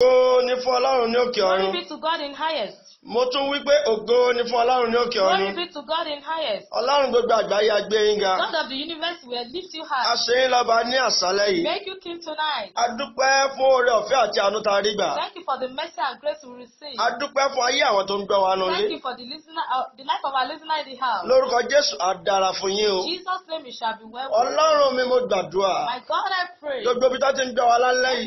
Oh! ni fún Ọlọ́run ní òkè ọ̀run. Glory be to God in highest. Mo tún wí pé ògo ni fún Ọlọ́run ní òkè ọ̀run. Glory be to God in highest. Ọlọ́run gbogbo àgbáyé a gbé yín ga. God of the universe will lift you high. A lọ́ba ní àṣálẹ́ yìí. Make you king tonight. A fún oore ọ̀fẹ́ àti àánú tá Thank you for the mercy and grace we receive. A fún ayé àwọn tó ń gbọ́ wa lórí. Thank you for the listener, uh, the life of our listener in the house. Lórúkọ Jésù á dára fún yín o. Jesus name it shall be well. Ọlọ́run mi mo gbàdúrà. My God I pray. Gbogbo ibi tó ti ń gbọ́ wa lálẹ́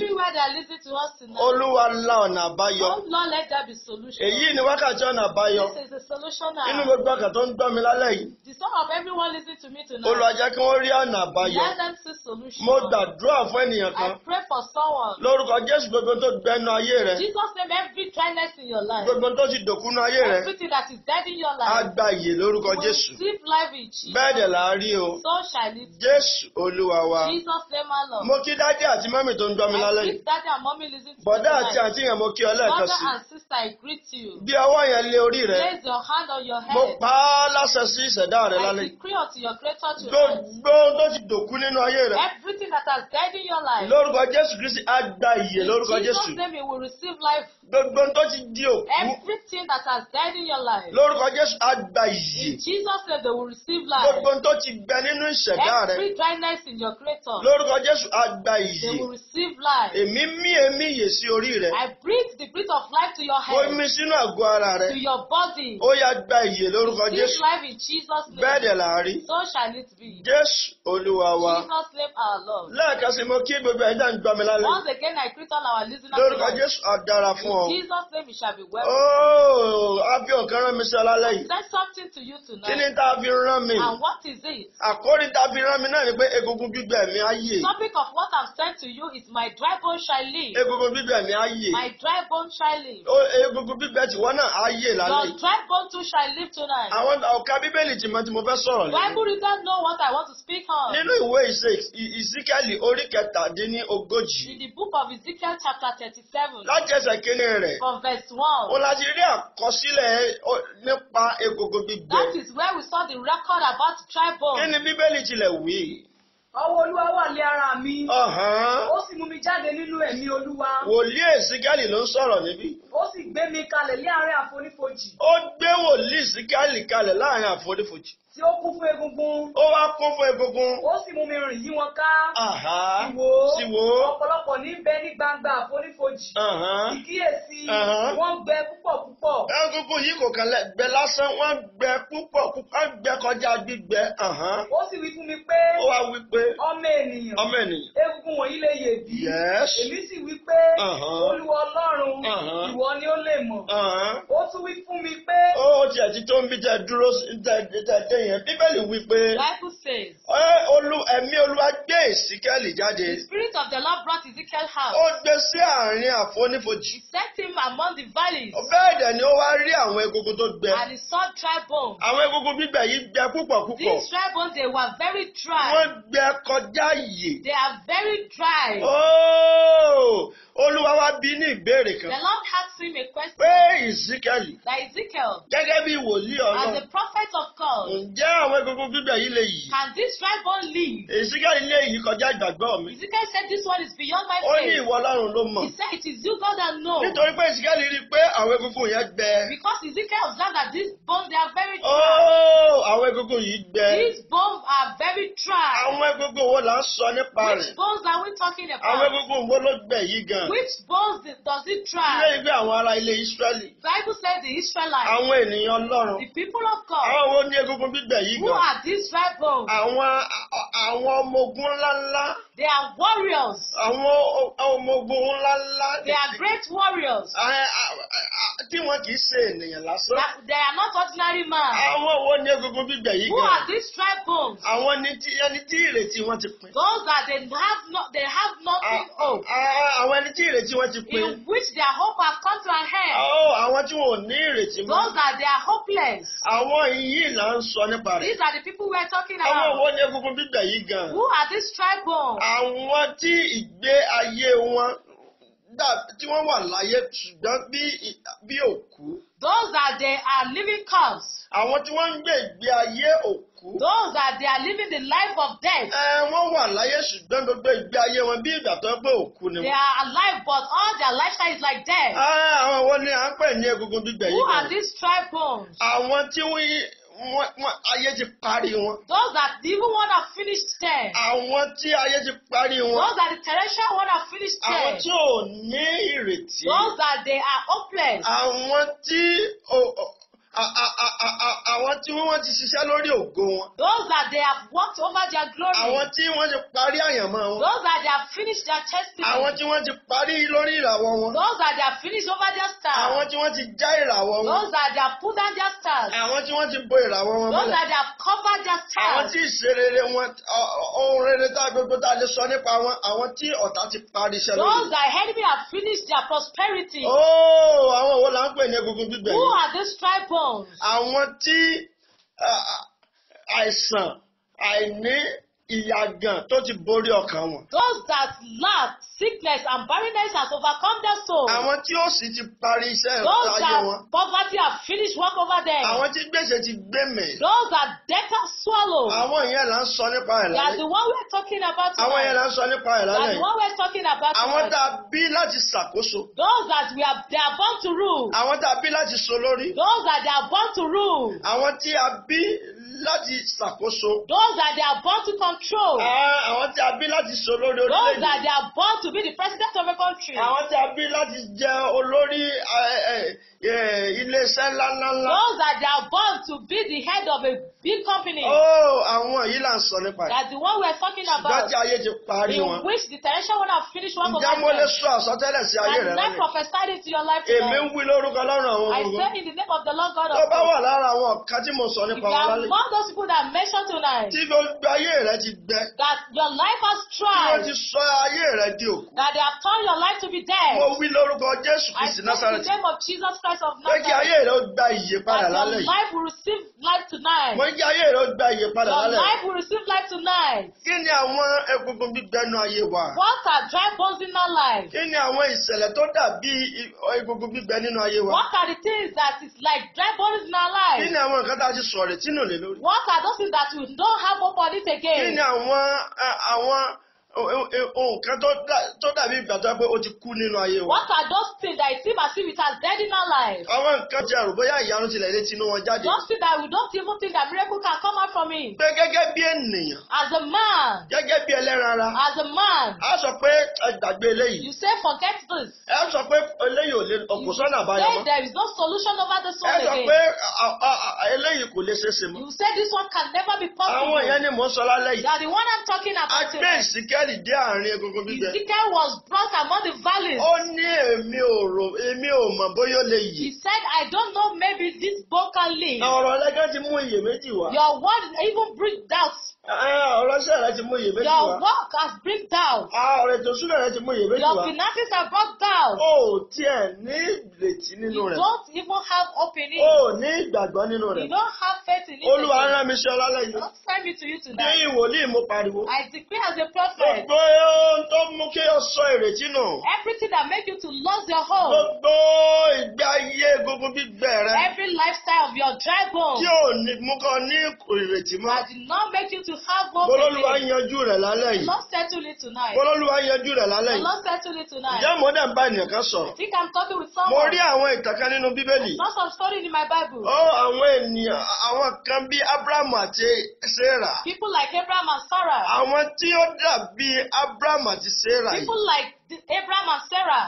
are listening to us tonight lá ọ̀nà àbáyọ. let there be solution. Èyí ni wákàtí ọ̀nà àbáyọ. This is the solution now. Inú gbogbo ọkàn tó ń gbọ́ mi lálẹ́ yìí. The soul of everyone listening to me tonight. kí wọ́n rí ọ̀nà àbáyọ. Let them see solution. Mo gbàdúrà fún ènìyàn kan. I pray for someone. Lórúkọ Jésù gbogbo tó gbẹnu ayé rẹ. Jesus name every dryness in your life. Gbogbo tó ti dòkúnú ayé rẹ. Everything that is dead in your life. Àgbà lórúkọ Jésù. life in Jesus. Bẹ́ẹ̀ dẹ̀ la rí o. So shall it Jésù Olúwa wa. Jesus name alone. Mo kí dájú àti mọ́mì tó ń gbọ́ mi lálẹ́ yìí. and mọ́mì listening to me. Bọ̀dá àti àǹtí Cynthia mo kí ọ lẹ́ẹ̀kan sí. Mother and sister I greet you. Bí ọwọ́ yẹn lé orí rẹ. Place your hand on your head. Mo pa á láṣẹ sí ìṣẹ̀dá rẹ lálẹ́. your creator to Gbogbo tó ti dòkú nínú ayé rẹ. Everything that has died in your life. Lórúkọ Jésù Kristi á gba ìyè lórúkọ Jésù. In Jesus' name you will receive life. Gbogbo tó ti di òkú. Everything that has died in your life. Lórúkọ Jésù àgbà ìyè. In Jesus name they will receive life. Gbogbo tó ti gbẹ nínú ìṣẹ̀dá rẹ. Every dryness in your creator. Lórúkọ Jésù àgbà ìyè. They will receive life. Èmi mí èmi yè sí orí rẹ. I breathe the breath of life to your head. Ó mi sínú àgọ́ ara rẹ. To your body. Ó yá gba ìyè lórúkọ Jésù. Receive life in Jesus name. Bẹ́ẹ̀ dẹ̀ là So shall it be. Jésù Olúwa wa. Jesus name our Lord. Lẹ́ẹ̀kan sí mo kí gbogbo ẹ̀dá ń gbọ́ lálẹ́. Once again I greet all our listeners. Lórúkọ Jésù àdára fún ọ o. Oh. Jesus name it shall be well. Oh, a fi ọ̀kan rán mi sí ọ lálẹ́ something to you tonight. kí ni tá a fi rán mi. and what is it. According tá a fi rán mi náà ni pé egungun gbígbẹ mi á topic of what I've said to you is my dry bone shall live. egungun gbígbẹ mi á my dry bone shall live. Oh, egungun gbígbẹ tiwọ náà á lálẹ́. your dry bone too shall live tonight. àwọn ọ̀ka bíbélì tìmọ̀ tí mo fẹ́ sọ̀rọ̀ lé. bible readers know what I want to speak on. nínú ìwé ìṣe Ezekiel, orí kẹtàdínní ogójì. in the book of Ezekiel chapter thirty-seven. láti ẹsẹ̀ kínní rẹ̀. from verse one. ó láti rí àkọsílẹ̀ nípa egungun gbígbẹ. that is where we saw the record about tribal. kí ni bíbélì tilẹ̀ wí? Ọwọ́ Olúwa wà lé ara mi. Ó sì mú mi jáde nínú ẹ̀mí Olúwa. Wòlíì Èsígálì ló ń sọ̀rọ̀ níbí. Ó sì gbé mi kalẹ̀ láàrin àfonífojì. Ó gbé wòlíì Èsígálì kalẹ̀ láàrin àfonífojì tí ó kún fún egungun. ó wá kún fún egungun. ó sì mú mi rìn yí wọn ká. ìwò ìwò ọ̀pọ̀lọpọ̀ ní bẹ ní gbangba àfonífojì. ìkíyèsí wọ́n gbẹ púpọ̀ púpọ̀. egungun yìí kò kàn gbẹ lásán wọ́n gbẹ púpọ̀ púpọ̀ wọ́n gbẹ kọjá gbígbẹ. ó sì wí fún mi pé. ó wá wí pé. ọmọ ènìyàn. ọmọ ènìyàn. egungun wọ̀nyí lè yè bí. yes. èmi sì wí pé. olúwa ọlọ́run. ìwọ ni ó lè mọ̀. ó tún wí fún mi pé. ó tiẹ̀ ti tó ń bí yẹn bíbélì wí bible says. ẹ olú ẹ̀mí olúwa gbé ìsíkẹ́lì jáde. the spirit of the Lord brought Ezekiel out. ó gbé sí àárín àfonífojì. he set him among the valleys. bẹ́ẹ̀ dẹ̀ ni ó wá rí àwọn egungun tó gbẹ. and he saw dry bones. àwọn egungun gbígbẹ yìí gbẹ púpọ̀ púpọ̀. these dry bones they were very dry. wọ́n gbẹ kọjá yìí. they are very dry. ooo olúwa wá bi ní ìbéèrè kan. the Lord asked him a question. pé Ezekiel. that Ezekiel. gẹ́gẹ́ bí wòlíì ọlọ́run. as a prophet of God. Ǹjẹ́ àwọn egungun gbígbẹ yìí lè yìí? Can this dry bone live? Ezekiel ilé yìí kọjá ìgbàgbọ́ mi. Ezekiel said this one is beyond my faith. Ó ní ìwọ Ọlọ́run ló mọ̀. He said it is you God that know. Nítorí pé Ezekiel rí pé àwọn egungun yẹn gbẹ. Because Ezekiel observed that these bones they are very oh, dry. Oh, àwọn egungun yìí gbẹ. These bones are very dry. Àwọn egungun wo là ń sọ nípa rẹ̀? Which bones are we talking about? Àwọn egungun wo ló gbẹ yìí gan? Which bones does it dry? Ilé ìgbé àwọn ará ilé Ísírẹ́lì. Bible said the Israelites. Àwọn ènìyàn Ọlọ́run. The people of God. Àwọn wo ní egungun bí gbígbẹ̀ yìí gan. who are these rebels. àwọn àwọn ọmọ ogun ńláńlá. They are warriors. Àwọn ọmọ ogun ńlá ńlá. They are great warriors. Tí wọ́n kì í ṣe ènìyàn lásán. They are not ordinary man. Àwọn wo ni egungun gbígbẹ̀ yìí gan? Who are these dry bones? Àwọn ẹni tí ìrètí wọn ti pin. Those that they have not they have nothing hope. Àwọn ẹni tí ìrètí wọn ti pin. In which their hope has come to an end. Àwọn tí wọn ò ní ìrètí mọ́. Those that they are hopeless. Àwọn yìí là ń sọ nípa rẹ̀. These are the people we are talking about. Àwọn wo ni egungun gbígbẹ̀ yìí gan? Who are these dry bones? àwọn tí ìgbé ayé wọn tí wọ́n wà láyé ṣùgbọ́n bí òkú. those that they are living corpse. àwọn tí wọ́n ń gbé ìgbé ayé òkú. those that they are living the life of death. ẹ wọ́n wà láyé ṣùgbọ́n gbogbo ìgbé ayé wọn bí ìgbà tó ń pé òkú ni. they are alive but all their lifestyle is like death. Ah, àwọn wo ni à ń pè ní egungun gbígbẹ yìí. who are these tribe bones. àwọn tí wọ́n ayé ti parí wọn. those that the evil one have finished ten. àwọn tí ayé ti parí wọn. those that the terrestrial one have finish ten. àwọn tí ò ní ìrètí. those that they are hopeless. àwọn tí àwọn tí wọ́n ti ṣiṣẹ́ lórí ògo wọn. those that they have worked over their glory. àwọn tí wọ́n ti parí àyànmọ́ wọn. those that they have finished their testing. àwọn tí wọ́n ti parí lórí ìràwọ̀ wọn. those that they have finished over their stars. àwọn tí wọ́n ti já ìràwọ̀ wọn. those that they have put down their stars. àwọn tí wọ́n ti bo ìràwọ̀ wọn those that they have covered their stars. àwọn tí ìṣerere wọn ohun rere tá a gbogbo tá a lè sọ nípa wọn àwọn tí ọ̀tá ti parí iṣẹ́ lórí. those that enemy have finished their prosperity. oh àwọn wo la ń pè ní egungun gbígbẹ. who are these tribal àwọn tí àìsàn àìní ìyàgàn tó ti borí ọkàn wọn. those that lack sickness and barrenness has overcome their soul. àwọn tí ó sì ti parí iṣẹ́ ayé wọn. those that poverty have finished work over them. àwọn tí gbèsè ti gbèmè. those that debt has swallowed. àwọn yẹn là ń sọ nípa ẹ̀ lálẹ́. that's the one we're talking about tonight. àwọn yẹn là ń sọ nípa ẹ̀ lálẹ́. that's the one we're talking about tonight. àwọn tá a bí láti ṣàkóso. those that we are they are born to rule. àwọn tá a bí láti ṣolórí. those that they are born to rule. àwọn tí a bí láti ṣàkóso. those that they are born to control. àwọn tí a bí láti ṣe olórí orílẹ̀-èdè. those that they are born to be the president of a country. àwọn tí a bí láti jẹ olórí e, e, iléeṣẹ́ ńláńlá. those that they are born to be the head of a big company. oh àwọn yìí là ń sọ nípa. that's the one we are talking about. ṣùgbọ́n tí ayé ti parí wọn. in which the tension one have finished one of my friends. ǹjẹ́ mo lè sọ àsọtẹ́lẹ̀ sí ayé rẹ lálẹ́. and I prophesied it your life today. èmi ń wí lórúkọ lọ́rùn àwọn olùkọ́. I say in the name of the Lord God of hosts. tó bá wà lára àwọn ọ̀ka tí mo sọ nípa wọn lálẹ́ among those people that I mentioned tonight. Tí gbogbo ayé rẹ ti gbẹ. That your life has tried. Tí wọ́n ti sọ ayé rẹ di òkú. That they have turned your life to be dead. Mo wí lórúkọ Jésù Kristi Násàrẹ́tì. I speak the name of Jesus Christ of Nazareth. Pé kí ayé rẹ gba ìyè lálẹ́ yìí. That your life will receive life tonight. Mo ń ayé rẹ gba ìyè lálẹ́ yìí. Your life will receive life tonight. Kí ni àwọn egungun gbígbẹ́nu ayé wa? What are dry bones in our life? Kí ni àwọn ìṣẹ̀lẹ̀ tó dàbí egungun gbígbẹ nínú ayé wa? What are the things that is like dry bones in our life? Kí ni àwọn nǹkan tá a ti sọ̀rọ̀ tínú lè lórí. What are those see that you don't have hope on again? Kí ni àwọn eh, àwọn nǹkan tó dàbí ìgbà tó yẹ pé ó ti kú nínú ayé wa. What are those things that it seems as if it has dead in our life? Àwọn nǹkan jẹ́ àrùn bóyá ìyanu tilẹ̀ lé tinú wọn jáde. Those things that we don't even think that miracle can come out from him. Pé gẹ́gẹ́ bí ènìyàn. As a man. Gẹ́gẹ́ bí ẹlẹ́ranra. As a man. A sọ pé ẹ eléyìí. You say forget this. Ẹ sọ pé eléyìí ò lè ọ̀pọ̀ sọ́nà àbáyọ mọ́. You say there is no solution over this one again. Ẹ sọ pé eléyìí kò lè ṣeéṣe mọ́. You say this one can never be possible. Àwọn ìyẹn ni mò ń sọ lálẹ́ yìí. the one I'm talking about. Ezekiel dé àárín egungun gbígbẹ. Ezekiel was brought among the valleys. Ó ní èmi ò rò èmi ò mọ̀ bóyá ó lè yè. He said I don't know maybe this bone can live. Ọ̀rọ̀ ẹlẹ́gẹ́ ti mú iyèméjì wá. Your word even bring doubts Ah, Ọlọ́sẹ̀ rẹ ti mú iye méjì wá. Your work has been down. Ah, ọ̀rẹ́ tó súnà rẹ ti mú iye méjì wá. Your finances are brought down. O ò tiẹ̀ ní ìrètí nínú rẹ̀. You don't even have opening. O ò ní ìgbàgbọ́ nínú rẹ̀. You don't have faith in it. Olúwa rán mi ṣe ọlọ́lẹ̀ yìí. God send me to you tonight. Ní ìwòlíì mo pariwo. I declare as a prophet. Gbogbo ohun tó mú kí o sọ ìrètí nù. Everything that make you to lose your hope. Gbogbo ìgbé ayé gbogbo gbígbẹ rẹ. Every lifestyle of your dry bone. Tí ò ní mú kọ ní ìrètí That did not make you to you have hope. Bọ́lọ́lùwà yanjú rẹ̀ lálẹ́ yìí. Lord settle it tonight. Bọ́lọ́lùwà yanjú rẹ̀ lálẹ́ yìí. Lord settle it tonight. Ǹjẹ́ mo bá ènìyàn kan sọ̀rọ̀? I think I'm talking with someone. Mo rí àwọn ìtàkà nínú Bíbélì. Lots of stories in my Bible. Ó àwọn ènìyàn àwọn kan bí Abraham àti Sarah. People like Abraham and Sarah. Àwọn tí ó dàbí Abraham àti Sarah People like Abraham and Sarah.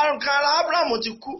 Àrùn kan ara Abraham ti kú.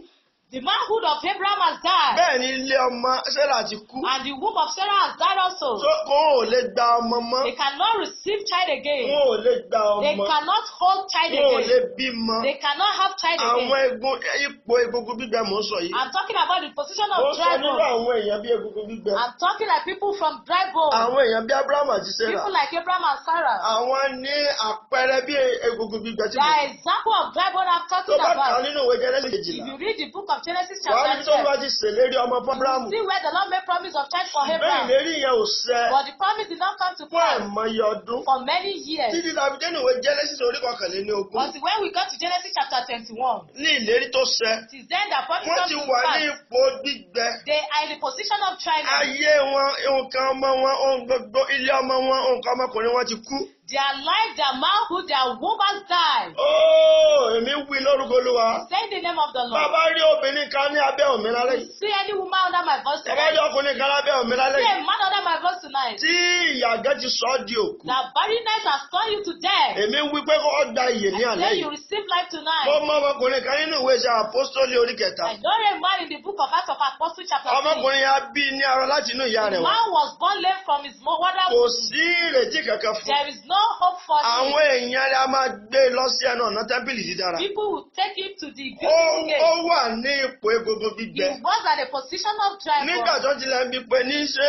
The manhood of Abraham has died. Bẹ́ẹ̀ni ilé ọmọ Sarah ti kú. And the womb of Sarah has died also. So kò ò lè gba ọmọ mọ́. They cannot receive child again. Wọ́n ò lè gba ọmọ. They cannot hold child again. Wọ́n ò lè bímọ. They cannot have child again. Àwọn egun ipò egungun gbígbẹ mò ń sọ yìí. I'm talking about the position of dry bone. Ó sọ nínú àwọn èèyàn bí egungun gbígbẹ. I'm talking like people from dry bone. Àwọn èèyàn bí Abraham àti Sarah. People like Abraham and Sarah. Àwọn ní àpẹẹrẹ bí egungun gbígbẹ The example of dry bone I'm talking about. Tó bá kà nínú ìwé Genesis kejìlá. If you read the book of of Genesis chapter twelve. wàá ní tó ọmọ Ábúráhámù. see where the Lord made promise of child for Abraham. bẹ́ẹ̀ ìlérí yẹn ò ṣẹ. but the promise did not come to pass. fún àìmọye ọdún. for many years. títí tàbí dénú ìwé Genesis orí kọkànléní when we got to Genesis chapter twenty-one. ní ìlérí tó ṣẹ. till then the promise come to pass. wọ́n ti wà ní ipò gbígbẹ. they are in the position of dryness. ayé wọn nǹkan ọmọ wọn ohun gbogbo ilé ọmọ wọn nǹkan ọmọkùnrin wọn ti kú. Their life, their manhood, their woman die. Oh, èmi wí lórúkọ Olúwa. Say the name of the Lord. Bàbá rí obìnrin kan ní abẹ́ òmí lálẹ́ See any woman under my voice tonight. Bàbá rí ọkùnrin kan lábẹ́ òmí lálẹ́ See a man under my voice tonight. Tí ìyàgẹ́ ti sọ ọ́ di òkú. The barrenness has turned you to death. Èmi wí pé kó gba ìyè ní àná yìí. I say you receive life tonight. Mo mọ ọmọkùnrin kan nínú ìwé iṣẹ́ apostoli orí kẹta. I know a man in the book of Acts of Apostle chapter three. Ọmọkùnrin yẹn bí ní ara láti inú ìyá rẹ̀ wá. The man was born late from his mother. Kò sí ìrètí kankan fún. There is no no hope for him. Àwọn èèyàn rẹ̀ a máa gbé lọ sí ẹnu ọ̀nà tẹ́ḿpìlì dídára. People will take him to the beautiful gate. Ó wà ní ipò egungun gbígbẹ. He was at the position of driver. Nígbà tó tilẹ̀ ń bi pé ní ṣé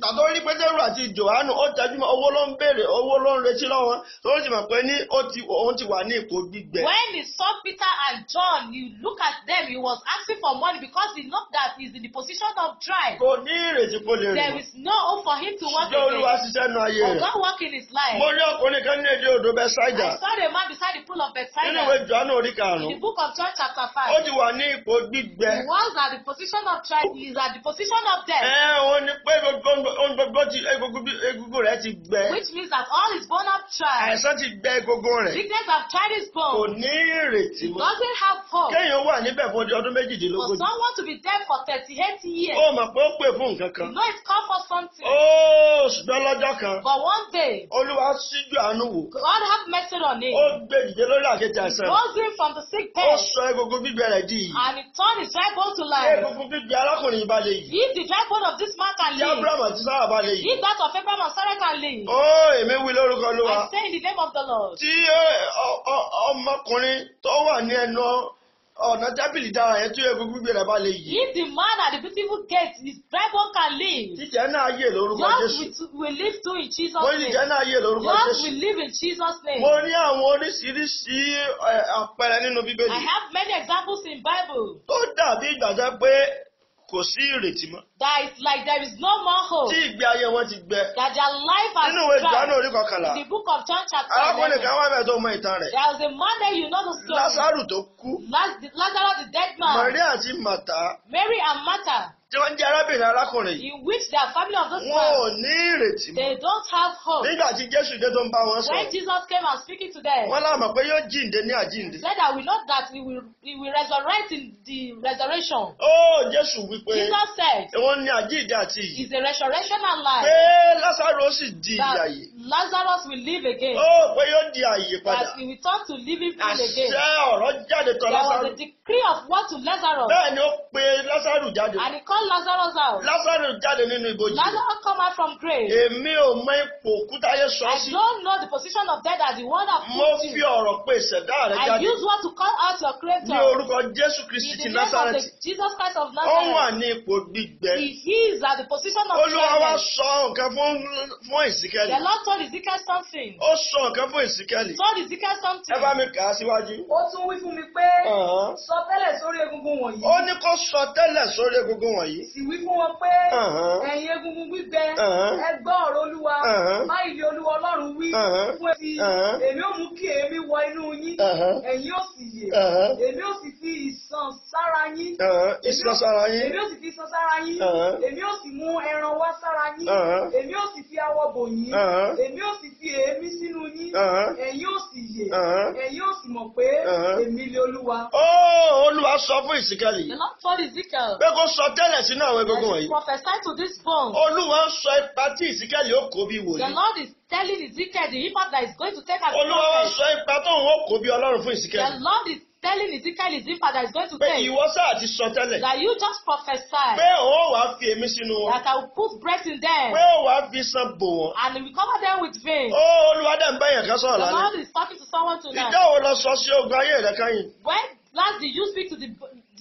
tàtó rí pétérù àti johannu ó tẹjúmọ́ owó ló ń béèrè owó ló ń retí lọ́wọ́ tó sì mọ̀ pé ní òun ti wà ní ipò gbígbẹ. when he saw Peter and John he look at them he was asking for money because he know that he is in the position of dry. kò ní ìrètí kò lè rìn. there is no hope for him to work again. ṣùgbọ́n olúwa ṣiṣẹ́ nu ayé rẹ̀. God work in his life. mo rí ọkùnrin kan ní èdè odò Bethsaida. I saw the man beside the pool of Bethsaida. nínú ìwé johannu orí karùn-ún. in the book of John chapter five. ó ti wà ní ipò gbígbẹ. he was at the position of dry he is at the position of death. ẹ egungun rẹ̀ ti gbẹ. which means that all his bone up tried. àìsàn ti gbẹ egungun rẹ̀. sickness have tried his bone. kò ní ìrètí mọ́. doesn't have hope. kéèyàn wà níbẹ̀ fún ọdún méjìdínlógójì. for someone to be there for thirty-eight years. ó mọ̀ pé ó pè fún nǹkan kan. you know it's call for something. ó ṣùgbọ́n lọ́jọ́ kan. but one day. olúwa ṣíjú àánú wò. God have mercy on him. ó gbé dìde lórí àkejì àìsàn. he rose him from the sick bed. ó sọ egungun gbígbẹ rẹ̀ di yìí. and he turned his dry bone to life. egungun gbígbẹ arákùnrin ìbàdàn yìí. if the dry bone of this man can live sábà lè yìí. If that of Abraham and Sarah can lay. Ó èmi wí lórúkọ Olúwa. I say in the name of the Lord. Tí eh, ọmọkùnrin tó wà ní ẹnu ọ̀nà tábìlì dára yẹn tó yẹ kó gbígbé rẹ̀ bá lè yí. If the man at the beautiful gate his bride one can live. Jíjẹ náà yè lórúkọ Jésù. Yours we live too in Jesus' name. Mo jíjẹ náà yè lórúkọ Jésù. Yours will live in Jesus' name. Mo ní àwọn oríṣiríṣi eh, àpẹẹrẹ nínú Bíbélì. I have many examples in Bible. Tó dàbí ìgbàgbọ́ pé kò sí ìrètí mọ́. that is like there is no more hope. tí ìgbé ayé wọn ti gbẹ. that their life has dried. nínú ìwé orí kọkànlá. in the book of John chapter eleven. arákùnrin kan wá bẹ̀rẹ̀ tó mọ ìtàn rẹ̀. there was a man there you know the story. Lásárù tó kú. Lazarus the dead man. Maria àti Màtá. Mary and Martha tí wọ́n jẹ́ arábìnrin arákùnrin. in which their family of those people, wọn ò ní ìrètí mọ́. they don't have hope. nígbà tí Jésù dé tó ń bá wọn sọ. when Jesus came and speaking to them. wọ́n láàmú pé yóò jíǹde ní àjíǹde. he said that we know that he will he will resurrect in the resurrection. oh Jésù wí Jesus said. wọ́n ní àjíǹde àti yìí. is a resurrection and life. pé Lásárù di ìyà that Lazarus will live again. oh pé yóò di àyè padà. that he will turn to living again. àṣẹ ọ̀rọ̀ jáde tọ̀ Lásárù. there was a three of what to Lazarus. bẹ́ẹ̀ ni pe Lazarus jáde. and he called Lazarus out. Lazarus jáde nínú ibojì. Lazarus come out from grave. èmi ò mọ ipò òkútáyé sọ sí. I don't know the position of death as the one of. put mo fi ọ̀rọ̀ pe ìṣẹ̀dá rẹ jáde. I use what to call out your creator. ní orúkọ Jésù Kristi ti Nazareth. in the name of the Jesus Christ of Nazareth. ó wà ní ipò gbígbẹ. he is at the position of prayer. Olúwa wá sọ nǹkan fún fún Ìsíkẹ́lì. the Lord told Ezekiel something. ó sọ nǹkan fún Ìsíkẹ́lì. told Ezekiel something. ẹ bá mi kà á síwájú. ó tún wí fún mi pé. sọ tẹ́lẹ̀ sórí egungun wọ̀nyí. ó ní kó sọ tẹ́lẹ̀ sórí egungun wọ̀nyí. sì wí fún wọn pé uh-huh. ẹ̀yin egungun gbígbẹ uh-huh. ẹ gbọ́ ọ̀rọ̀ olúwa báyìí uh-huh. ni olúwa ọlọ́run wí fún etí èmi ò mú kí èémí wọ inú yín ẹ̀yin ò sì yè èmi ò sì fi ìsàn sára yín ìsàn sára yín èmi ò sì fi ìsàn sára yín èmi ò sì mú ẹran wá sára yín èmi ò sì fi awọ bò yín èmi ò sì fi èémí sínú yín ẹ̀yin ò sì yè ẹ̀yin ò sì mọ̀ pé èmi ni olúwa. Oh! olúwa sọ fún ìsìkẹ́lì. the lord told ezekiel. pé kó sọ tẹ́lẹ̀ sínú àwọn egungun wọ̀nyí. prophesy to this bone. olúwa sọ ipa tí ìsìkẹ́lì ó kó bí wòlíì. the lord is telling ezekiel the impact that is going to take as a prophet. olúwa sọ ipa tóun ó kó bí ọlọ́run fún ìsìkẹ́lì. the lord is telling Ezekiel his impact that is going to take. pé ìwọ sáà ti sọ tẹ́lẹ̀. that you just prophesy. pé o wàá fi èmi sínú wọn. that I will put breath in them. pé o wàá fi san bò wọn. and we cover them with vein. ó oh, olúwa dẹ̀ ń bá yẹn lálẹ́. the Lord is talking to someone tonight. ìjọ́ wo lọ sọ sí ogun ayé rẹ káyìn. when Last, did you speak to the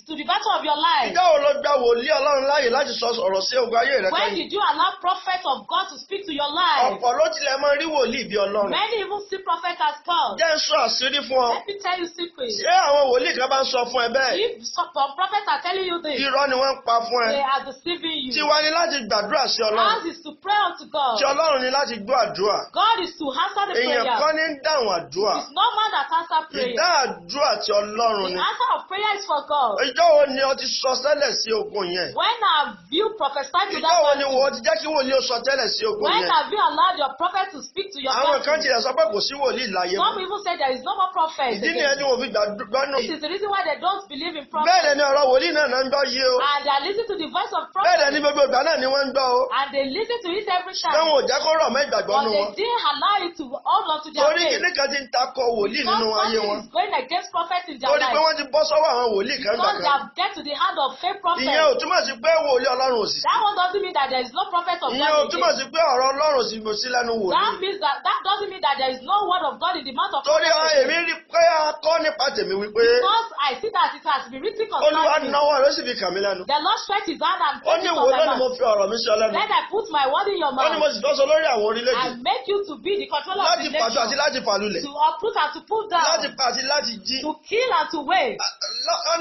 to the battle of your life. Ìjọ́ wo ló gba wòlíì Ọlọ́run láàyè láti sọ ọ̀rọ̀ sí ogun ayé rẹ? When did you allow prophet of God to speak to your life? Ọ̀pọ̀ ló tilẹ̀ máa rí wòlíì bí Ọlọ́run. Many even see prophet as God. Jẹ́ n sọ àṣírí fún ọ. Let me tell you secret. Ṣé àwọn wòlíì kan bá ń sọ fún ẹ bẹ́ẹ̀? If some prophets are telling you this. Irọ́ ni wọ́n ń pa fún ẹ. They are deceiving you. Tiwa ni láti gbàdúrà sí Ọlọ́run. Ours is to pray unto God. Ti Ọlọ́run ni láti gbọ́ àdúrà. God is to answer the prayer. Èèyàn kan ní ń dáhùn àdúrà. It is that answer prayer. Ìdá àdúrà ti Ọlọ́run ni. The answer of prayer is for God. Ìjọ́ wo ni o ti sọ tẹ́lẹ̀ sí ogun yẹn? When have you prophesied to that person? Ìjọ́ wo ni wo ti jẹ́ kí wòlíì o sọ tẹ́lẹ̀ sí ogun yẹn? When have you allowed your prophet to speak to your country? Àwọn kan tilẹ̀ sọ pé kò sí wòlíì láyé Some people say there is no more prophet. Ìdí ni ẹni wo fi gbàgbọ́ náà. This is the reason why they don't believe in prophet. Bẹ́ẹ̀ ni ọ̀rọ̀ wòlíì náà náà ń gbọ́ yé o. And they listen to the voice of prophet. Bẹ́ẹ̀ ni gbogbo ìgbà náà ni wọ́n ń gbọ́ o. And they listen to it every time. Táwọn ò jẹ́ kó rọ̀ mọ́ ìgbàgbọ́ nù wọn. But they didn't allow it to hold on to their faith. Torí kíní ti ń takọ wòlíì nínú ayé wọn. Because something is going against prophet in their life. Torí pé wọ́n ti bọ́ sọ́wọ́ àwọn wòlíì kan gbàgbọ́ they have dead to the hand of fake prophets. ìyẹn ò túmọ̀ sí pé wòlíì Ọlọ́run ò sí. that one doesn't mean that there is no prophet of God. ìyẹn ò túmọ̀ sí pé ọ̀rọ̀ Ọlọ́run sì mọ̀ sí lẹ́nu wòlíì. that means that that doesn't mean that there is no word of God in the mouth of. torí èmi rí pé a kọ́ nípa tèmi wípé. because I see that it has been written concerning Olúwa náwó rẹ̀ sì fi kàn mí lẹ́nu. the Lord stretch his hand and took it from my mouth. ó ní ìwé lónìí mo fi ọ̀rọ̀ mi sí ọ lẹ́nu. then I put my word in your mouth. ó ní mo sì fẹ́ lórí àwọn orílẹ̀-èdè. and make you to be the controller of the nation. láti pàṣẹ àti láti fàlulẹ̀. to uproot and to pull down. láti pàṣẹ láti jí. to kill and to wage.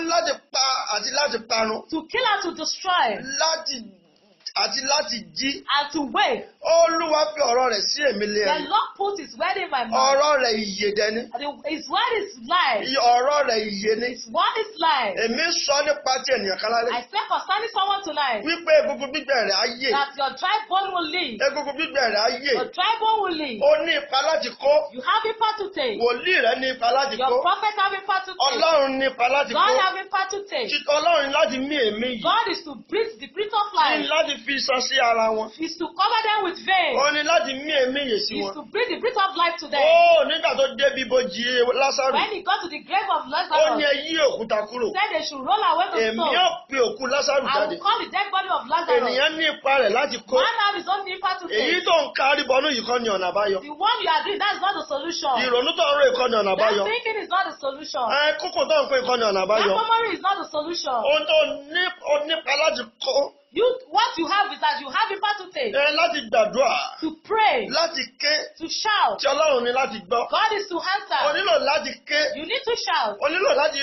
láti pa àti láti parun. to kill and to destroy. láti àti láti jí. and to wake. olúwa fi ọ̀rọ̀ rẹ̀ sí èmi lé ẹnu. the Lord put his word in my mouth. ọ̀rọ̀ rẹ̀ ìyè dẹni. his word is life. ọ̀rọ̀ rẹ̀ ìyè ni. his word is life. èmi sọ nípa ti ènìyàn kan lálẹ́. I say concerning someone tonight. wípé egungun gbígbẹ rẹ̀ á that your dry bone will live. egungun gbígbẹ rẹ̀ á your dry bone will live. o ní ipa láti kó. you have ipa to take. wòlíì rẹ ní ipa láti kó. your prophet have ipa to take. ọlọ́run ní ipa láti kó. God have ipa to take. ọlọ́run láti mí èmi yìí. God is to breathe the breath of life fi sasí ara wọn. is to cover them with veil. ó ní láti mí èémí yè sí wọn. is to breathe the breath of life to them. ó nígbà tó débi bojì Lásárù. when he got to the grave of Lazarus. ó ní ẹ òkúta kúrò. said they should roll away the stone. èmi ò pe òkú Lásárù jáde. I will call the dead body of Lazarus. ènìyàn ní ipa rẹ̀ láti kó. man have his own ipa to take. èyí tó ń kárí bọnú yìí kọ́ ni ọ̀nà àbáyọ. the one you agree is not the solution. ìrònú tó ń rò ìkọ́ni ọ̀nà àbáyọ. that thinking is not the solution. ẹ kókò tó ń pè ìkọ́ni ọ̀nà àbáyọ. that memory is not the solution. What you have is that you have ipa to take. láti gbàdúrà. To pray. Láti ké. To shout. Tí Ọlọ́run ni láti gbọ́. God is to answer. O nílò láti ké. You need to shout. O nílò láti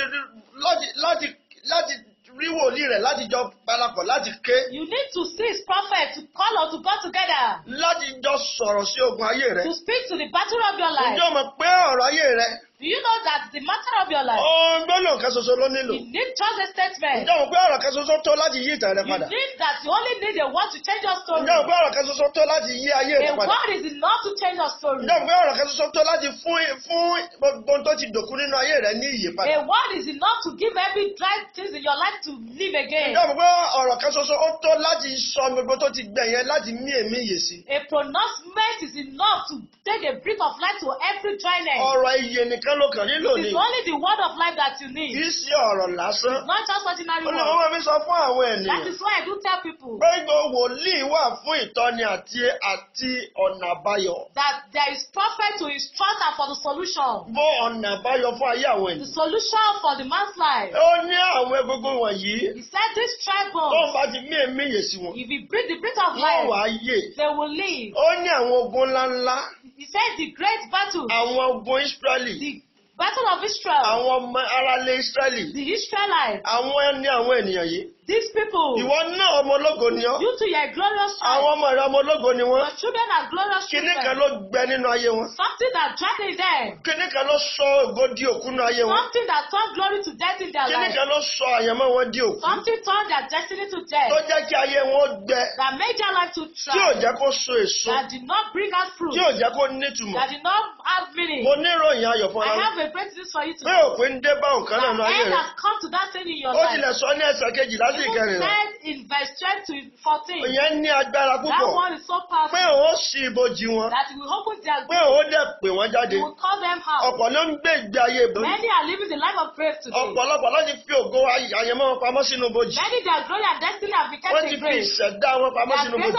láti láti láti rí wòlíì rẹ̀ láti jọ parapọ̀ láti ké. you need to see his prophet to call on to God together. láti jọ sọ̀rọ̀ sí ogun ayé rẹ. to speak to the battle of your life. ǹjẹ́ mọ̀ pé ọ̀rọ̀ ayé rẹ. Do you know that the matter of your life? Ohun gbólóhùn kan ṣoṣo ló nílò. You need just a statement. Ǹjẹ́ òun pé ọ̀rọ̀ kan ṣoṣo tó láti yí ìtàn rẹ padà? You need that you only need a word to change your story. Ǹjẹ́ òun pé ọ̀rọ̀ kan ṣoṣo tó láti yí ayé rẹ padà? A word is enough to change your story. Ǹjẹ́ òun pé ọ̀rọ̀ kan ṣoṣo tó láti fún fún gbogbo tó ti dòkú nínú ayé rẹ ní ìyípadà? A word is enough to give every dry things in your life to live again. Ǹjẹ́ òun pé ọ̀rọ̀ kan ṣoṣo tó láti sọ gbogbo tó ti gbẹ̀yẹn láti mí èmi yè sí? A pronouncement is enough to take a breath of life to every dryness. Ọ̀rọ̀ iye nìkan nìkan ló kàn nílò ni. it's only the word of life that you need. kì í ṣe ọ̀rọ̀ lásán. not just ordinary word. olùkọ́ mi sọ fún àwọn ènìyàn. that is why I do tell people. pé wòlíì wà fún ìtọ́ni àti àti ọ̀nà àbáyọ. that there is prophet to instruct and for the solution. bó ọ̀nà àbáyọ fún ayé àwọn ènìyàn. the solution for the man's life. ó ní àwọn egungun wọ̀nyí. he said this tribe tó ń bá ti mí èmi yè sí wọn. if he breathe the breath of life. wọ́n wàá yè. they will live. ó ní àwọn ogun ńláńlá. he said the great battle. àwọn ogun Israeli. the Battle of Israel. Àwọn ọmọ aráalé Ísírẹ́lì. The Israelites. Àwọn ni àwọn ènìyàn yìí. These people. Ìwọ náà ọmọ ológo ni ọ́. You too, you are glorious child. Àwọn ọmọ rẹ ọmọ ológo ni wọ́n. Your children are glorious children. Kìnìún ló gbẹ nínú ayé wọn. Something that dragged them there. Kìnìún ló sọ ògo òkú nínú ayé wọn. Something that turned glory to death in their life. Kìnìún kan ló sọ àyànmọ́ wọn di òkú. Something turned their destiny to death. Tó jẹ́ kí ayé wọn gbẹ. That made their life to try. Tí ò jẹ́ kó so èso. That did not bring out fruit. Tí ò jẹ́ kó nítumọ̀. That did not have meaning. Mo ní ìròyìn ayọ̀ fún ara. I have a great news for you today. Pé òpin dé bá òǹkan náà nínú end has come to that thing in your life. Genesis ten Ìyẹn ní agbára púpọ̀. That one is so powerful. Pé òun ṣí ibojì wọn. That he will open Pé òun dẹ̀ pè wọ́n jáde. will call them out. Ọ̀pọ̀ ló ń gbé ìgbé ayé ìbò. Many are living the life of grave today. Ọ̀pọ̀lọpọ̀ ló fi ògo àyẹ̀mọ́ wọn pamọ́ sínú ibojì. Many their glory and destiny have been kept in Wọ́n ti fi ìṣẹ̀dá wọn pamọ́ sínú ibojì. Wọ́n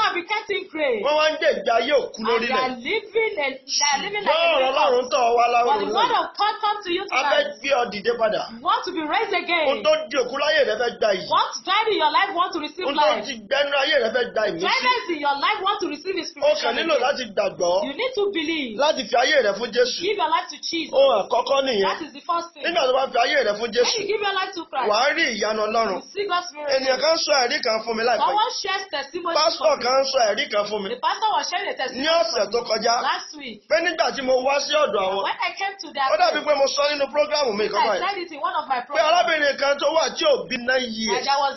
wá ń gbé ìgbé ayé òkú lórí rẹ̀. And they are living and they are tọ̀ wá láwọn the word of God come to you tonight. Abẹ́ gbé ọ dìde padà. You want to be raised again. tó di òkú láyé rẹ fẹ́ gba yìí. What Drive in your life want to receive life. Ohun tó ti gbẹ́nu ayé rẹ fẹ́ gba ìmísí. Drivers in your life want to receive inspiration. O kàn nílò láti gbàgbọ́. You need to believe. Láti fi ayé rẹ fún Jésù. Give your life to Jesus. Ohun àkọ́kọ́ nìyẹn. That is the first thing. Nígbà tó bá fi ayé rẹ fún Jésù. When you give your life to Christ. Wàá rí ìyanu Ọlọ́run. You see God's miracle. Ènìyàn kan sọ ẹ̀rí kan fún mi láìpẹ́. Someone shares testimony. Pásítọ̀ kan sọ ẹ̀rí kan fún mi. The pastor was sharing a testimony. Ní ọ̀sẹ̀ tó kọjá. Last week. Pé nígbà tí mo wá sí ọ̀dọ̀ àwọn. When I came to their. Ó dàbí pé mo sọ nínú prógráàmù I said it in one of my programs. Pé arábìnrin kan tó wà tí ò bí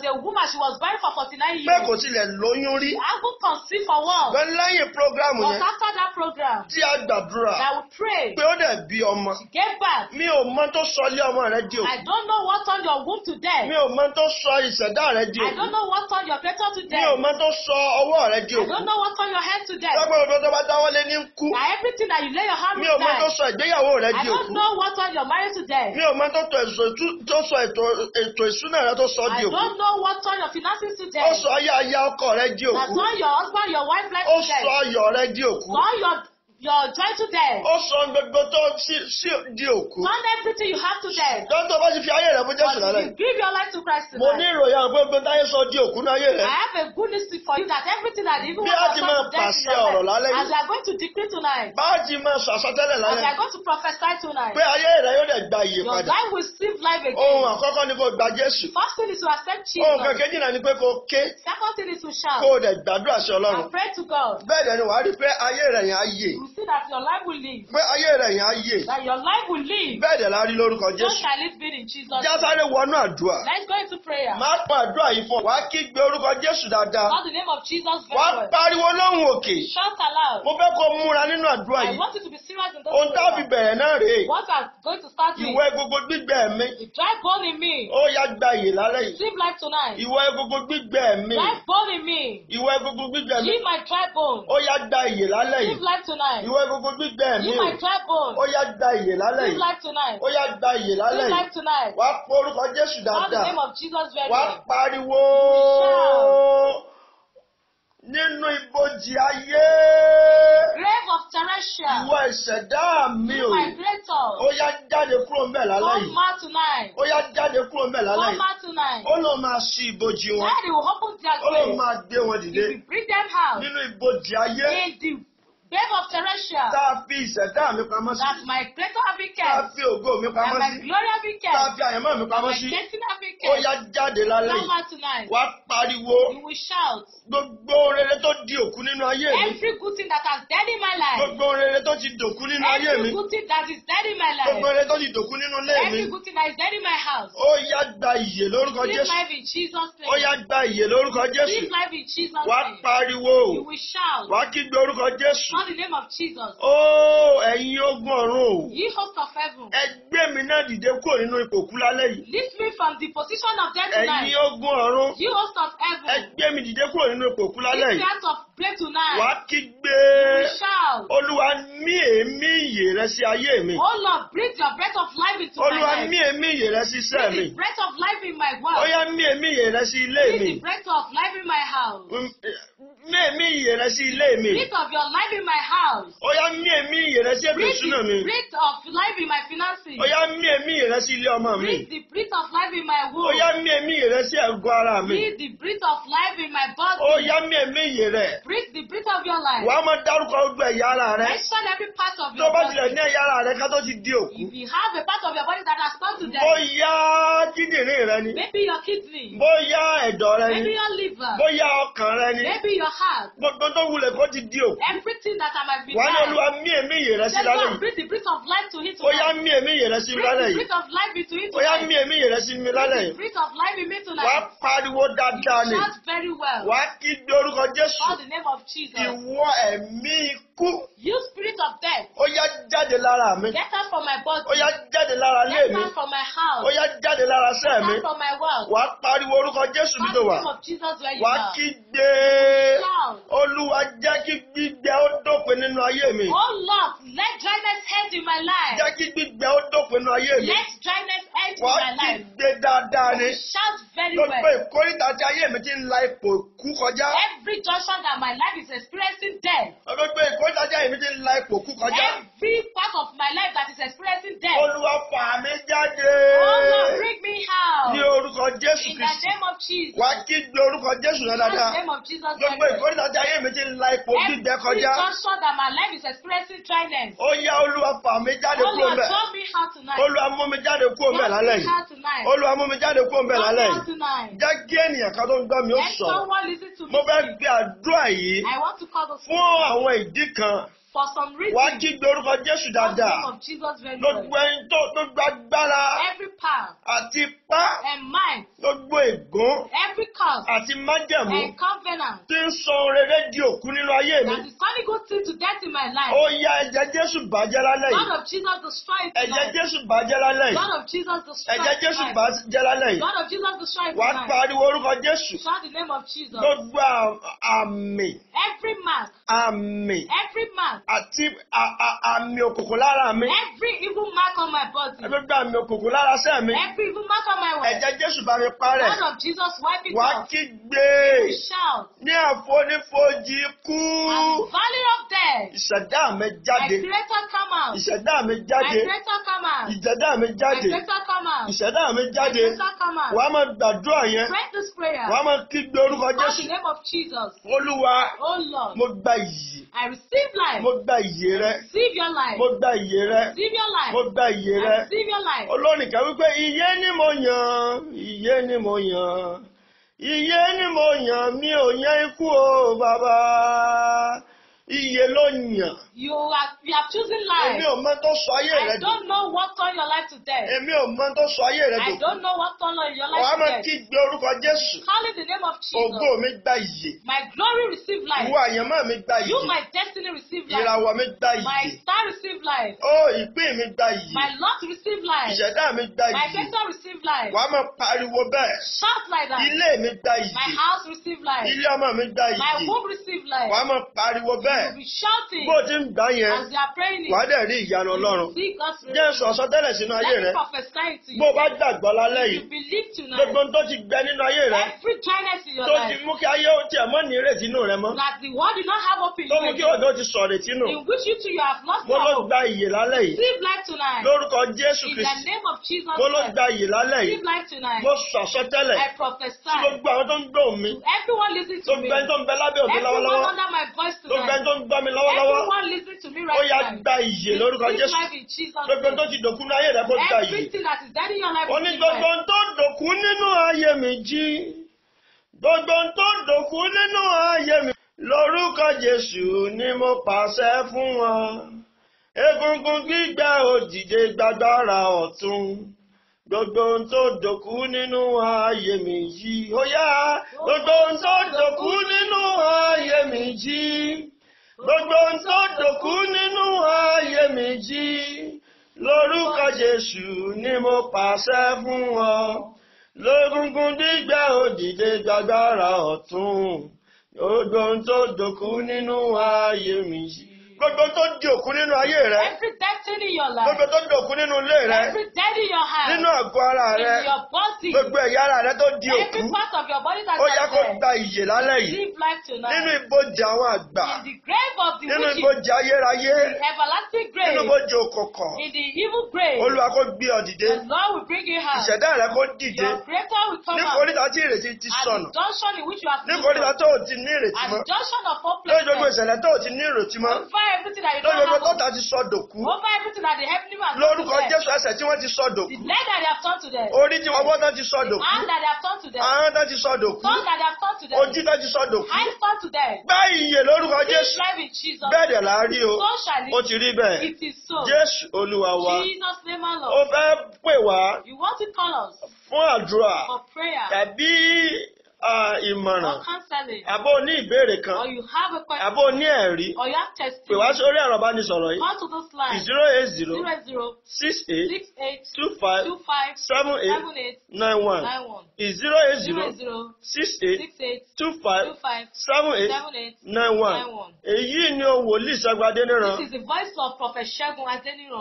was a woman she was born for forty-nine years. bẹ́ẹ̀ kò tilẹ̀ lóyún rí. I go conceive for one. bẹ́ẹ̀ lẹ́yìn program yẹn. but after that program. tí a gbàdúrà. I will pray. pé ó dẹ̀ bí ọmọ. she gave birth. mi ò mọ tó sọ ilé ọmọ rẹ di o. I don't know what turned your womb to death. mi ò mọ tó sọ ìṣẹ̀dá rẹ di o. I don't know what turned your petal to death. mi ò mọ tó sọ ọwọ́ rẹ di o. I don't know what turned your head to death. lọ́gbọ̀n òdodo bá dáwọ́lé ní kú. na everything that you lay your hand on. mi ò mọ tó sọ ìgbéyàwó rẹ di o. I don't know what turned your marriage to death. mi ò mọ tó sọ ètò ìsúná rẹ tó sọ di o. I don't know know what turn your finances to death. ó sọ ayé aya ọkọ rẹ di òkú. that turn your husband your wife life to death. ó sọ ayọ̀ rẹ di òkú. turn your Your joy to death. Ó sọ gbogbo tó sí sí di òkú. Turn everything you have to death. Dọ́tọ̀ bá ti fi ayé rẹ̀ fún Jésù lálẹ́. But you give your life to Christ tonight. Mo ní ìròyìn àwọn gbogbo táyé sọ di òkú náà ayé rẹ̀. I have a good news for you that everything that even when you are to death in your life. As you are going to decree tonight. Bá a ti máa sàṣọtẹ́lẹ̀ lálẹ́. As you are going to prophesy tonight. Pé ayé rẹ̀ yóò dẹ̀ gba iye padà. Your life will receive life again. Ohun àkọ́kọ́ ni kò gba Jésù. First thing is to accept Jesus. Ohun kankan jìnnà ni pé kò ké. Second thing is to shout. Kò dẹ̀ gbàdúrà sí Ọlọ́run. And pray to God. Bẹ́ẹ̀ dẹ̀ ni wàá rí pé ayé rẹ̀ yẹn á yè see that your life will live. pé ayé rẹ̀ yẹn á yè. that your life will live. bẹ́ẹ̀ dẹ̀ la rí lórúkọ Jésù. so shall it be in Jesus. jásáré wọnú àdúrà. let's go into prayer. máa pa àdúrà yìí fún ọ. wàá kígbe orúkọ Jésù dáadáa. call the name of Jesus very well. wàá pariwo lóhùn òkè. shout aloud. mo fẹ́ kó múra nínú àdúrà yìí. I want you to be serious in this prayer. ohun tá fi bẹ̀rẹ̀ náà rèé. what are going to start with. ìwọ egungun gbígbẹ mi. the dry bone in me. ó yá gba ìyè lálẹ́ yìí. sleep like tonight. ìwọ egungun gbígbẹ mi. dry bone in me. ìwọ egungun gbígbẹ mi. leave my dry bone. ó yá gba ìyè lálẹ́ yìí. sleep like tonight tonight. Ìwọ egungun gbígbẹ mi. You my dry bone. Ó yá gba ìyè lálẹ́ yìí. Live life tonight. Ó yá gba ìyè lálẹ́ yìí. Live life tonight. Jésù dáadáa. Call the name of Jesus very well. Wàá pariwo. Shout nínú ibojì ayé. grave of terrestrial. ìwọ ìṣẹ̀dá mi o. my creator. ó yá jáde kúrò ńbẹ̀ lálẹ́ yìí. come out tonight. ó yá jáde kúrò ńbẹ̀ lálẹ́ yìí. come out tonight. ó lọ máa ṣí ibojì wọn. daddy will open their grave. ó lọ máa gbé wọn dìde. he will bring them out. nínú ibojì ayé. in the babe of terrestrial. tá a fi ìṣẹ̀dá mi pamọ́ sí. that my creator have been kept. tá a fi ògo mi pamọ́ sí. that my glory have kept. tá fi àyànmọ́ mi pamọ́ sí. that my destiny have kept. ó yá jáde lálẹ́ yìí. come out tonight. wá pariwo. you will shout. gbogbo rere tó di òkú nínú ayé mi. every good thing that has died in my life. gbogbo rere tó ti dòkú nínú ayé mi. every good thing that is dead in my life. gbogbo rere tó ti dòkú nínú ilé mi. every good thing that is dead in my house. ó yá gba ìyè lórúkọ Jésù. this life in Jesus name. ó yá gba ìyè lórúkọ Jésù. this life in Jesus name. wá pariwo. you will shout. wá kígbe orúkọ Jésù call the name of Jesus. Oh, ẹ̀yin ogun ọ̀run o. Ye host of heaven. Ẹ mi náà dìde kúrò nínú ipò kú lálẹ́ yìí. Lift me from the position of death tonight. Ẹ̀yin ogun ọ̀run. Ye host of heaven. Ẹ gbé mi dìde kúrò nínú ipò kú lálẹ́ yìí. Lift me out of play tonight. Wàá kígbe. We shall. Olúwa mí èémí ìyè rẹ sí ayé mi. Oh Lord, breathe your breath of life into my life. Olúwa mí èémí ìyè rẹ sí iṣẹ́ mi. Breathe the breath of life in my world. Ó yá mí èémí ìyè rẹ sí ilé mi. Breathe the breath of life in my house. Mm, eh, mí èémí ìyè rẹ sí ilé mi. Breathe of your life in my my house. Ó yá mí ẹ̀mí ìrẹsì ètò ìṣúná mi. Breathe the breath of life in my finances. Ó yá mí ẹ̀mí ìrẹsì ilé ọmọ mi. Breathe the breath of life in my womb. Ó yá mí ẹ̀mí ìrẹsì ẹ̀gọ́ ara mi. Breathe the breath of life in my body. Ó yá mí ẹ̀mí ìrẹ. Breathe the breath of your life. Wà á máa dárúkọ gbogbo ẹ̀yà ara rẹ. Mention every part of your body. Tó bá tilẹ̀ ní ẹ̀yà ara rẹ ká tó ti di òkú. If you have a part of your body that has to death. Bóyá Maybe your kidney. ẹ̀dọ̀ rẹ ni. Maybe your liver. Bóyá ọkàn rẹ ni. Maybe your heart. Gbogbo tó wulẹ̀ kó ti di òkú. Everything That I wọ́n lè lu àmì ẹ̀mí yìí rẹ sí lálẹ́ yìí ó yá mí ẹ̀mí yìí rẹ sí mi lálẹ́ yìí ó yá mí ẹ̀mí yìí rẹ sí mi lálẹ́ yìí wàá pariwo dáadáa ni wàá kí name of Jesus. ìwọ ẹ̀mí ikú ikú. you spirit of death. ó jáde lára mi. get out from my body. ó jáde lára ilé mi. get out from my house. ó jáde lára sẹ́ mi. get out from my world. wàá pariwo orúkọ Jésù mi tó wà. wàá kígbe. Olúwa jẹ́ kí gbígbẹ ó dópin nínú ayé mi. oh lord let dryness end in my life. jẹ́ kí gbígbẹ ó dópin nínú ayé mi. let dryness end in my life. wàá kígbe dáadáa ni. shout very well. lọ́pọ̀ ìkórìtà tí ayé mi ti ń la ipò kú kọjá. every junction that my life is experiencing death. lọ́pọ̀ ìkórìtà kọjá èmi ti la ipò kú kọjá. every part of my life that is expressing death. olúwa fà mí jáde. olúwa bring me out. ní orúkọ Jésù Kristi. in the name of Jesus. wà á kí gbé orúkọ Jésù náà dáadáa. in the name of Jesus Christ. gbogbo ìkórìtà tí ayé mi ti la ipò gbígbẹ kọjá. every junction that my life is experiencing dryness. ó yá olúwa fà mí jáde kúrò mẹ́. olúwa draw me out tonight. olúwa mú mi jáde kúrò mẹ́ lálẹ́ yìí. olúwa mú mi jáde kúrò mẹ́ lálẹ́ yìí. jẹ́ kí ènìyàn kan tó ń gbọ́ mi ó sọ̀rọ̀. mo fẹ́ gbé àdúrà yìí fún àwọn ìdí k Come. for some reason. wàá jí gbórúkọ jésù dáadáa. the name of Jesus very well. gbogbo ẹni tó tó gbàgbára. every power. àti ipá. and mind. gbogbo ègún. every cause. àti májẹ̀mú. and covenant. tí ń sọ rere di òkú nínú ayé mi. that is turning good thing to death in my life. ó yá ẹ̀jẹ̀ jésù bàjẹ́ lálẹ́ yìí. God of Jesus destroy it. ẹ̀jẹ̀ jésù bàjẹ́ lálẹ́ yìí. God of Jesus destroy it. ẹ̀jẹ̀ jésù bàjẹ́ lálẹ́ yìí. God of Jesus destroy it. wàá pariwo orúkọ jésù. shout the name of Jesus. gbogbo àmì. every mark. àmì. every mark àti àmì òkùnkùn lára mi. every evil mark on my body. ẹbí gba àmì òkùnkùn lára sẹ́ mi. every evil mark on my way. ẹ̀jẹ̀ Jésù bá mi parẹ́. blood of Jesus wipe it off. wàá kígbe. you shout. ní àfonífojì kú. as valley of death. ìṣẹ̀dá mi jáde. my creator come out. ìṣẹ̀dá mi jáde. my creator come out. ìṣẹ̀dá mi jáde. my creator come out. ìṣẹ̀dá mi jáde. my creator come out. wàá máa gbàdúrà yẹn. pray this prayer. wàá máa kígbe orúkọ Jésù. In the name of Jesus. olúwa. oh Lord. mo gba iyì. I receive life. mo Mo gba ìyè rẹ. your life. Mo gba ìyè rẹ. your life. Mo gba ìyè rẹ. your life. Olórin kan wípé ìyè ni mo yàn, ìyè ni mo yàn. Ìyè ni mo yàn, mi ò yàn ikú o bàbá. Ìyè ló yàn. You have, you have chosen life. Èmi ò mọ tó sọ ayé rẹ dùn. I don't know what turn your life to death. Èmi ò mọ tó sọ ayé rẹ dùn. I don't know what turn your life to death. Wàá máa kí gbé orúkọ Jésù. Calling the name of Jesus. Ògo mi gba ìyè. My glory receive life. Ìwọ àyànmọ́ mi gba ìyè. You my destiny receive life. Ìràwọ̀ mi gba ìyè. My star receive life. Ó ìpín mi gba ìyè. My lot receive life. Ìṣẹ̀dá mi gba ìyè. My creator receive life. Wàá máa pariwo bẹ́ẹ̀. Shout like that. Ilé mi gba ìyè. My house receive life. Ilé ọmọ mi gba ìyè. My womb receive life. Wàá máa pariwo bẹ́ẹ̀. You be shouting. Bó o ti ń gbà yẹn wàá dẹ̀ rí ìyanu ọlọ́run jẹ́ sọ àsọtẹ́lẹ̀ sínú ayé rẹ bó o bá gbàgbọ́ lálẹ́ yìí gbogbo tó ti gbẹ nínú ayé rẹ tó ti mú kí ayé ó tiẹ̀ mọ́ ní ìrètí inú rẹ mọ́ tó mú kí òdo ti sọ ìrètí nù mo ló gba ìyè lálẹ́ yìí lórúkọ Jésù Kristi mo ló gba ìyè lálẹ́ yìí mo sọ àsọtẹ́lẹ̀ gbogbo àwọn tó ń gbọ́ mi gbogbo ẹni tó ń bẹ lábẹ́ òde lọ́wọ́lọ́wọ́ gbogbo ẹni tó ń gbọ́ mi lọ́wọ́lọ́wọ́ listen to me right now. ó yà gba ìyè lórúkọ Jésù. gbogbo tó ti dòkun ní ayé rẹ kó gba ìyè. everything that is in your life. gbogbo tó dòkun nínú ayé mi jí gbogbo tó dòkun nínú ayé mi. lórúkọ Jésù ni mo pàṣẹ fún wọn. egungun gbígbẹ òjìjẹ gbàgbára ọ̀tún gbogbo tó dòkú nínú ayé mi yìí ó gbogbo tó dòkú nínú ayé mi yìí. Gbogbo ohun tó dòkú nínú ayé mi jí. Lórúkọ Jésù ni mo pàṣẹ fún ọ. Lógungun dígbà òdìdé gbàgbára ọ̀tún. Gbogbo ohun tó dòkú nínú ayé mi Gbogbo tó di òkú nínú ayé rẹ. Every death in your life. Gbogbo tó di òkú nínú ilé rẹ. Every death in your house. Nínú àgọ́ ara rẹ. In your body. Gbogbo ẹ̀yà ara rẹ tó di òkú. Every part of your body that is there. Ó yẹ kó gba ìyè lálẹ́ yìí. Live life tonight. Nínú ibojì àwọn àgbà. In the grave of the wicked. Nínú ibojì ayérayé. In the everlasting grave. Nínú ibojì òkùnkùn. In the evil grave. Olúwa kó gbé ọ dìde. The Lord will bring you out. Ìṣẹ̀dá rẹ kó dìde. Your creator will come out. Nítorí ta ti ìrètí ti you have been born. Nítorí ta tó junction of all everything that you don't have. lórí olóòtà ti sọ dòkú. over everything that the heavenly man do to them. lórúkọ Jésù ẹsẹ̀ tí wọ́n ti sọ dòkú. the leg that they have turned to them. orí tí ọwọ́ tán ti sọ dòkú. the hand that they have turned to them. ahọ́n tán ti sọ dòkú. tongue that they have turned to them. ojú tán ti sọ dòkú. have turned to them. gbá ìyè lórúkọ Jésù. be live in Jesus. bẹ́ẹ̀ dẹ̀ la rí o. so shall it ti rí bẹ́ẹ̀. it is so. Jésù Olúwa wa. Jesus name and Lord. ó fẹ́ pè wá. you want to call us. fún àdúrà. for prayer. tàbí ìmọ̀ràn àbó ní ìbéèrè kan àbó ní ẹ̀rí pè wá sórí ẹ̀rọ ìbánisọ̀rọ̀ yìí zero eight zero six eight two five seven eight nine one zero eight zero six eight two five seven eight nine one èyí ni o wòlíì Ṣẹ́gun Adéníran. This is the voice of Prophet Ṣẹ́gun Adéníran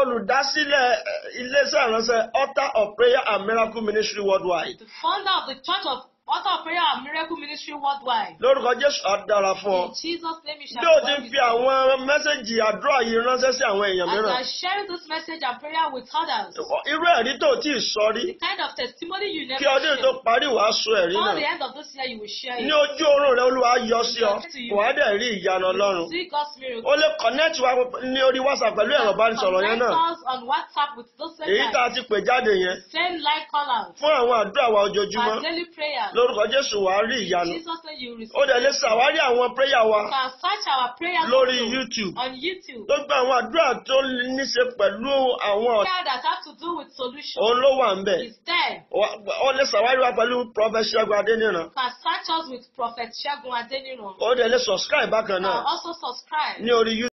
olùdásílẹ̀ eh, iléeṣẹ́ ìránṣẹ́ altar of prayer and miracle ministry worldwide. the founder of the church of Author of prayer and miracle ministry worldwide. Lórúkọ Jésù á dára fún ọ. In Jesus name you shall be well. Bí o ti fi àwọn mẹ́sẹ̀gì àdúrà yìí ránṣẹ́ sí àwọn èèyàn mìíràn. As I share this message and prayer with others. Irú ẹ̀rí tó tí ì sọ rí. The kind of testimony you never share. Kí ọdún tó parí wàá sọ ẹ̀rí náà. Before the end of this year you will share it. Ní ojú oorun rẹ Olúwa yọ sí ọ. Wàá dẹ̀ rí ìyanu Ọlọ́run. See God's miracle. O lè connect wa ní orí WhatsApp pẹ̀lú ẹ̀rọ ìbánisọ̀rọ̀ yẹn náà. Connect us on WhatsApp with those same guys. Èyí tá a ti pè jáde yẹn. Same like call Fún àwọn àdúrà wa ojoojúmọ́. Our daily prayers lórúkọ Jésù wàá rí ìyanu ó dẹ̀ lè ṣàwárí àwọn pírẹ́yà wa lórí YouTube gbogbo àwọn àdúrà tó ní ṣe pẹ̀lú àwọn òun ló wà ń bẹ̀ ó lè ṣàwárí wa pẹ̀lú Prophet Ṣẹ́gun Adéníran ó dẹ̀ lè subscribe bákan náà ní orí YouTube.